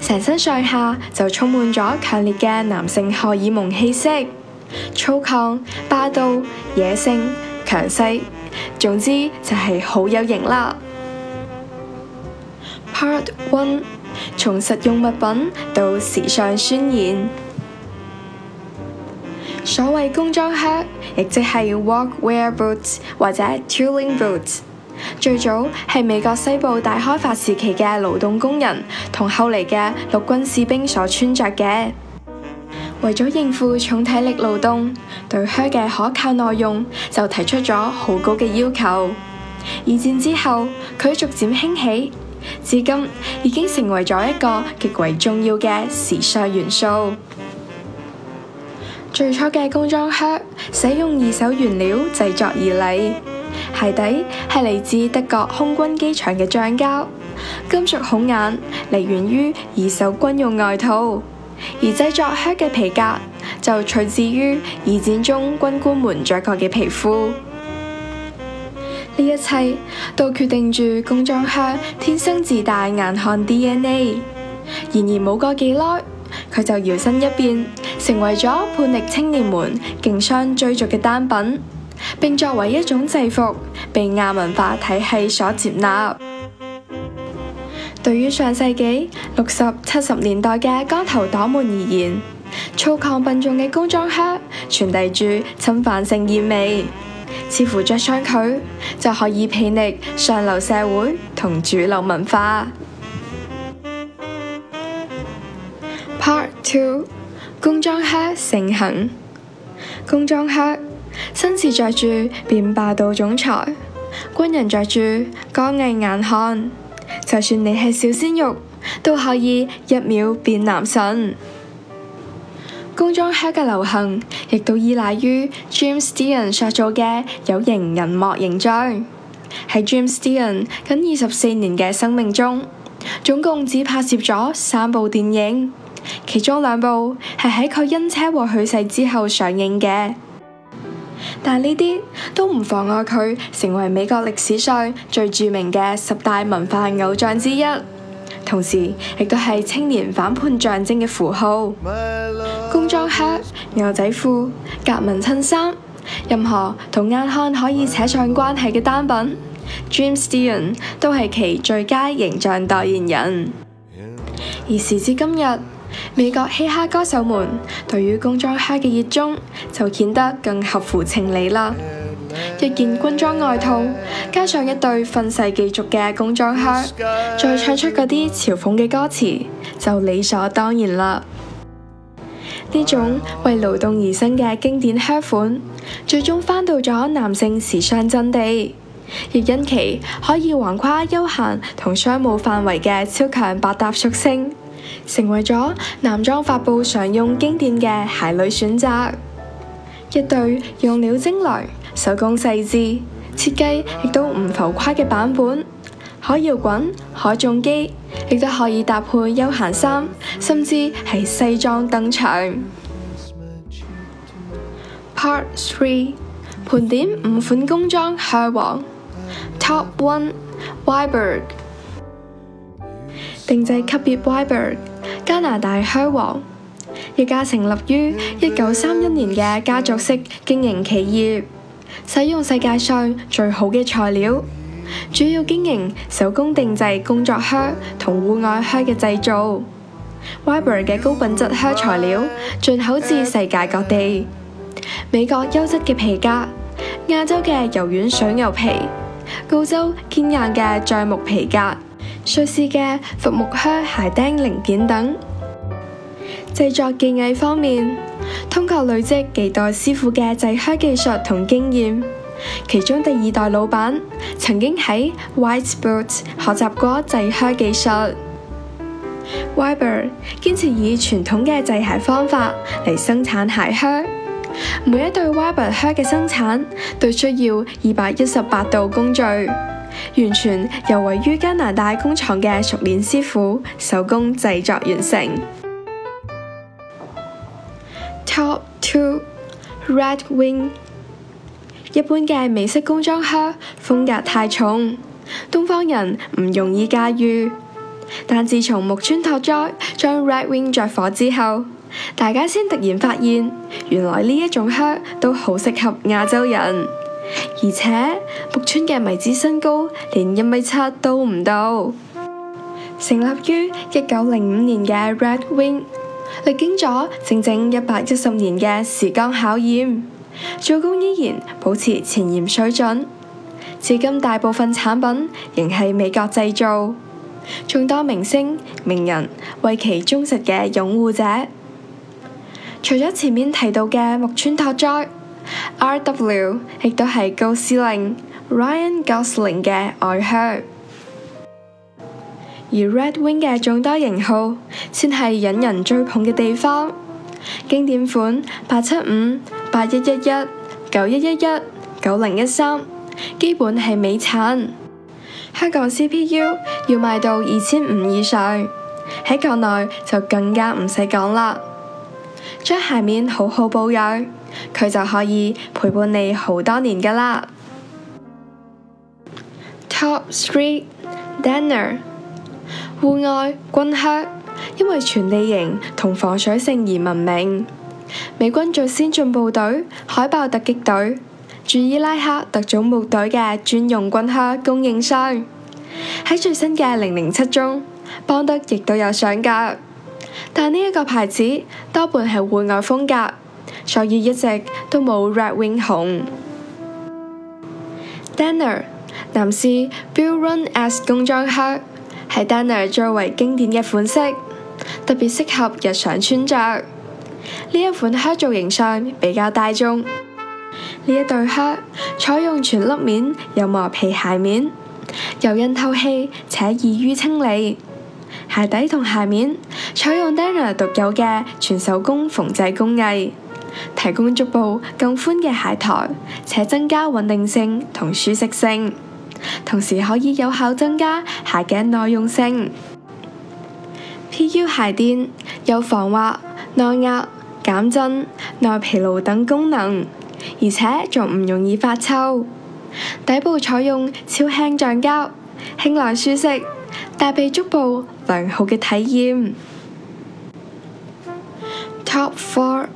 成身上下就充滿咗強烈嘅男性荷爾蒙氣息，粗，粗獷、霸道、野性、強勢，總之就係好有型啦。Part one，從實用物品到時尚宣言。所謂工裝靴，亦即係 workwear boots 或者 tooling boots。最早係美國西部大開發時期嘅勞動工人同後來嘅陸軍士兵所穿着嘅，為咗應付重體力勞動，對靴嘅可靠耐用就提出咗好高嘅要求。二戰之後，佢逐漸興起，至今已經成為咗一個極為重要嘅時尚元素。最初嘅工裝靴使用二手原料製作而嚟。鞋底係嚟自德國空軍機場嘅橡膠，金屬孔眼嚟源於二手軍用外套，而製作靴嘅皮革就取自於二戰中軍官們着過嘅皮膚。呢一切都決定住工裝靴天生自帶硬漢 DNA。然而冇過幾耐，佢就搖身一變，成為咗叛逆青年們競相追逐嘅單品。並作為一種製服被亞文化體系所接納。 對於上世紀六十七十年代嘅光頭黨們而言，粗獷笨重嘅工裝靴傳遞住侵犯性意味，似乎着上佢就可以睥睨上流社會同主流文化。Part two，工裝靴盛行，工裝靴。紳士着住變霸道總裁，軍人着住剛毅硬漢；就算你係小鮮肉，都可以一秒變男神。工裝靴嘅流行亦都依賴於 James Dean 塑造嘅有型人物形象。喺 James Dean 近二十四年嘅生命中，總共只拍攝咗三部電影，其中兩部係喺佢因車禍去世之後上映嘅。但呢啲都唔妨礙佢成為美國歷史上最著名嘅十大文化偶像之一，同時亦都係青年反叛象徵嘅符號。工裝靴、牛仔褲、格紋襯衫，任何同硬漢可以扯上關係嘅單品 James Dean 都係其最佳形象代言人。而時至今日。美國嘻哈歌手們對於工裝靴嘅熱衷就顯得更合乎情理啦。一件軍裝外套，加上一對憤世嫉俗嘅工裝靴，再唱出嗰啲嘲諷嘅歌詞，就理所當然啦。呢種為勞動而生嘅經典靴款，最終翻到咗男性時尚陣地，亦因其可以橫跨休閒同商務範圍嘅超強百搭屬性，成為咗男裝發佈常用經典嘅鞋類選擇，一對用料精良、手工細緻、設計亦都唔浮誇嘅版本，可搖滾、可重機，亦都可以搭配休閒衫，甚至係西裝登場。Part three，盤點五款工裝靴王。Top one，Viberg。定製級別 Viberg 加拿大靴王，一家成立於一九三一年嘅家族式經營企業，使用世界上最好嘅材料，主要經營手工定製工作靴同戶外靴嘅製造。Viberg 的嘅高品質靴材料進口至世界各地：美國優質嘅皮革、亞洲嘅柔軟水牛皮、澳洲堅硬嘅橡木皮革。瑞士嘅伐木靴鞋釘零件等，製作技藝方面，通過累積幾代師傅嘅製靴技術同經驗，其中第二代老闆曾經喺 White Boots 學習過製靴技術。Weber 堅持以傳統嘅製鞋方法嚟生產鞋靴，每一對 Weber 靴嘅生產，都需要二百一十八道工序。完全由位於加拿大工廠嘅熟練師傅手工製作完成。Top two Red Wing，一般嘅美式工裝靴風格太重，東方人唔容易駕馭。但自從木村拓哉將 Red Wing 着火之後，大家先突然發現，原來呢種靴都好適合亞洲人，而且。木村嘅迷之身高連一米七都唔到。成立於一九零五年嘅 Red Wing，歷經咗整整一百一十年嘅時光考驗，做工依然保持前沿水準。至今大部分產品仍係美國製造，眾多明星名人為其忠實嘅擁護者。除咗前面提到嘅木村拓哉，RW 亦都係高司令 Ryan Gosling 嘅外靴，而 Red Wing 嘅眾多型號先係引人追捧嘅地方。經典款八七五、八一一一、九一一一、九零一三，基本係美產，香港 CPU 要賣到二千五以上，喺國內就更加唔使講啦。將鞋面好好保養，佢就可以陪伴你好多年噶啦。Top Three Danner 戶外軍靴，因為全地形同防水性而聞名。美軍最先進部隊海豹突擊隊，駐伊拉克特種部隊嘅專用軍靴供應商。喺最新嘅零零七中，邦德亦都有上腳。但呢一個牌子多半係戶外風格，所以一直都冇 Red Wing 紅。Danner 男士 Bull Run 工裝靴係 Danner 最為經典嘅款式，特別適合日常穿着。呢一款靴造型上比較大眾。呢一對靴採用全粒面有磨皮鞋面，柔韌透氣且易於清理鞋底同鞋面。採用 Danner 獨有嘅全手工縫製工藝，提供足部更寬嘅鞋台，且增加穩定性同舒適性，同時可以有效增加鞋頸耐用性。PU 鞋墊有防滑、耐壓、減震、耐疲勞等功能，而且仲唔容易發臭。底部採用超輕橡膠，輕量舒適，帶俾足部良好嘅體驗。Top Four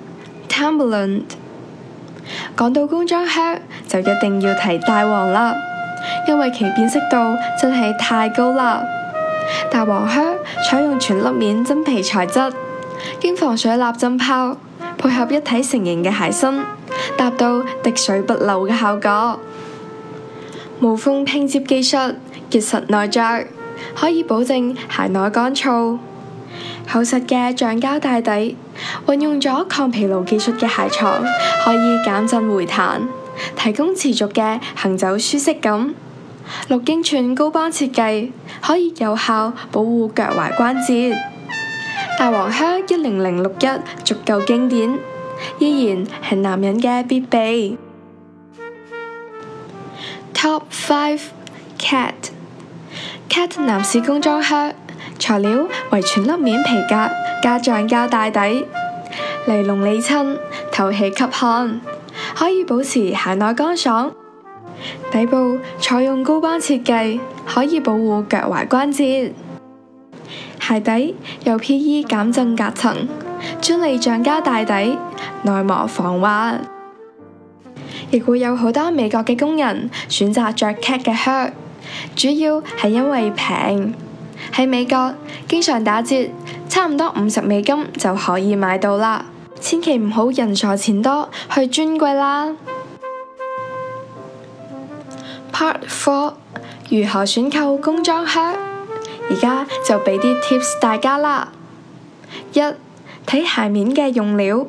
Timberland。講到工裝靴，就一定要提大王啦，因為其辨識度真係太高啦。大黃靴採用全粒面真皮材質，經防水蠟浸泡，配合一體成型嘅鞋身，達到滴水不漏嘅效果。無縫拼接技術，結實耐着，可以保證鞋內乾燥。厚實嘅橡膠大底。運用咗抗疲勞技術嘅鞋床，可以減震回彈，提供持續嘅行走舒適感。六英寸高幫設計，可以有效保護腳踝關節。大黃靴一零零六一，足夠經典，依然係男人嘅必備。Top five cat cat 男士工裝靴。材料為全粒面皮革加橡膠大底，尼龍裏襯，透氣吸汗，可以保持鞋內乾爽。底部採用高幫設計，可以保護腳踝關節。鞋底有 P.E. 減震隔層，專利橡膠大底，耐磨防滑。亦會有好多美國嘅工人選擇着 Cat 嘅靴，主要係因為平。喺美國經常打折，差唔多五十美金就可以買到啦。千祈唔好人傻錢多去專櫃啦。Part four，如何選購工裝靴？而家就畀啲 tips 大家啦。一睇鞋面嘅用料，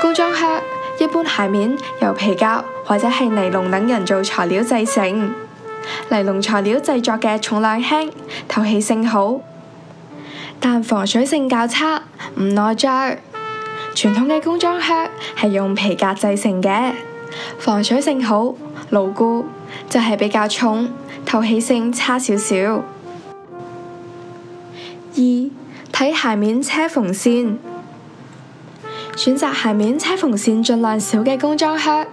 工裝靴一般鞋面由皮革或者係尼龍等人造材料製成。尼龍材料製作嘅重量輕、透氣性好，但防水性較差，唔耐着。傳統嘅工裝靴係用皮革製成嘅，防水性好、牢固，就係、是、比較重、透氣性差少少。二，睇鞋面車縫線，選擇鞋面車縫線盡量少嘅工裝靴。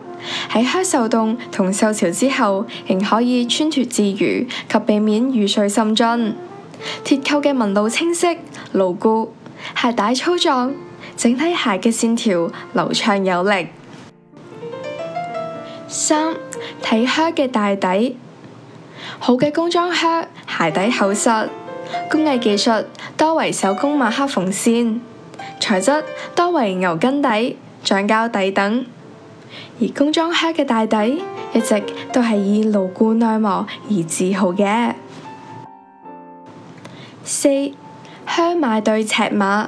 喺靴受凍同受潮之後，仍可以穿脱自如及避免雨水滲進。鐵扣嘅紋路清晰、牢固，鞋帶粗壯，整體鞋嘅線條流暢有力。三、睇靴嘅大底，好嘅工裝靴鞋底厚實，工藝技術多為手工馬克縫線，材質多為牛筋底、橡膠底等。而工裝靴嘅大底一直都係以牢固耐磨而自豪嘅。四、靴買對尺碼，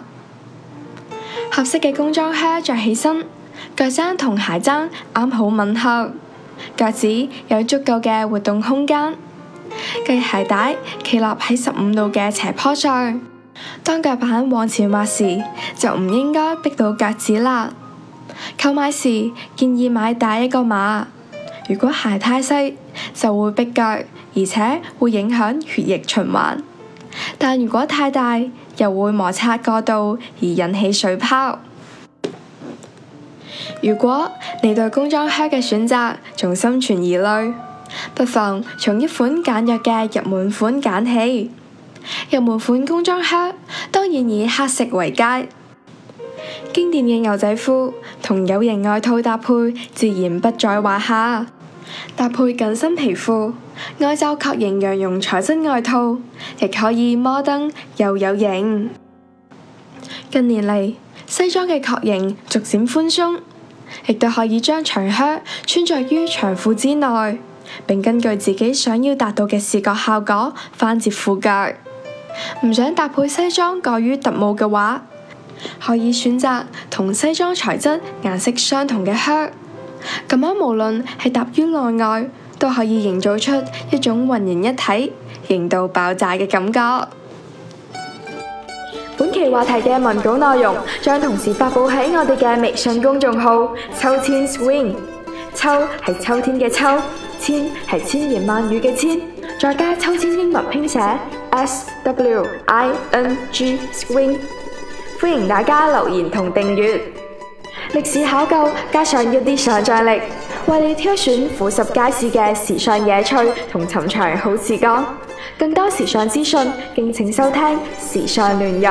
合適嘅工裝靴着起身，腳踭同鞋踭啱好吻合，腳趾有足夠嘅活動空間。繫鞋帶企立喺十五度嘅斜坡上，當腳板往前滑時，就唔應該逼到腳趾啦。購買時建議買大一個碼，如果鞋太細就會逼腳，而且會影響血液循環。但如果太大又會摩擦過度而引起水泡。如果你對工裝靴嘅選擇仲心存疑慮，不妨從一款簡約嘅入門款揀起。入門款工裝靴當然以黑色為佳，經典嘅牛仔褲同有型外套搭配，自然不在話下。搭配緊身皮褲、外罩廓型羊絨材質外套，亦可以摩登又有型。近年嚟，西裝嘅廓型逐漸寬鬆，亦都可以將長靴穿着於長褲之內，並根據自己想要達到嘅視覺效果翻折褲腳。唔想搭配西裝過於突兀嘅話，可以選擇同西裝材質、顏色相同嘅靴，咁樣無論係搭於內外，都可以營造出一種渾然一體、型到爆炸嘅感覺。本期話題嘅文稿內容將同時發佈喺我哋嘅微信公眾號“秋千 swing”，秋係秋天嘅秋，千係千言萬語嘅千，再加秋千英文拼寫 s w i n g swing。歡迎大家留言同訂閱，歷史考究加上一啲想象力，為你挑選俯拾皆是嘅時尚野趣同尋常好時光。更多時尚資訊，敬請收聽《時尚亂入》。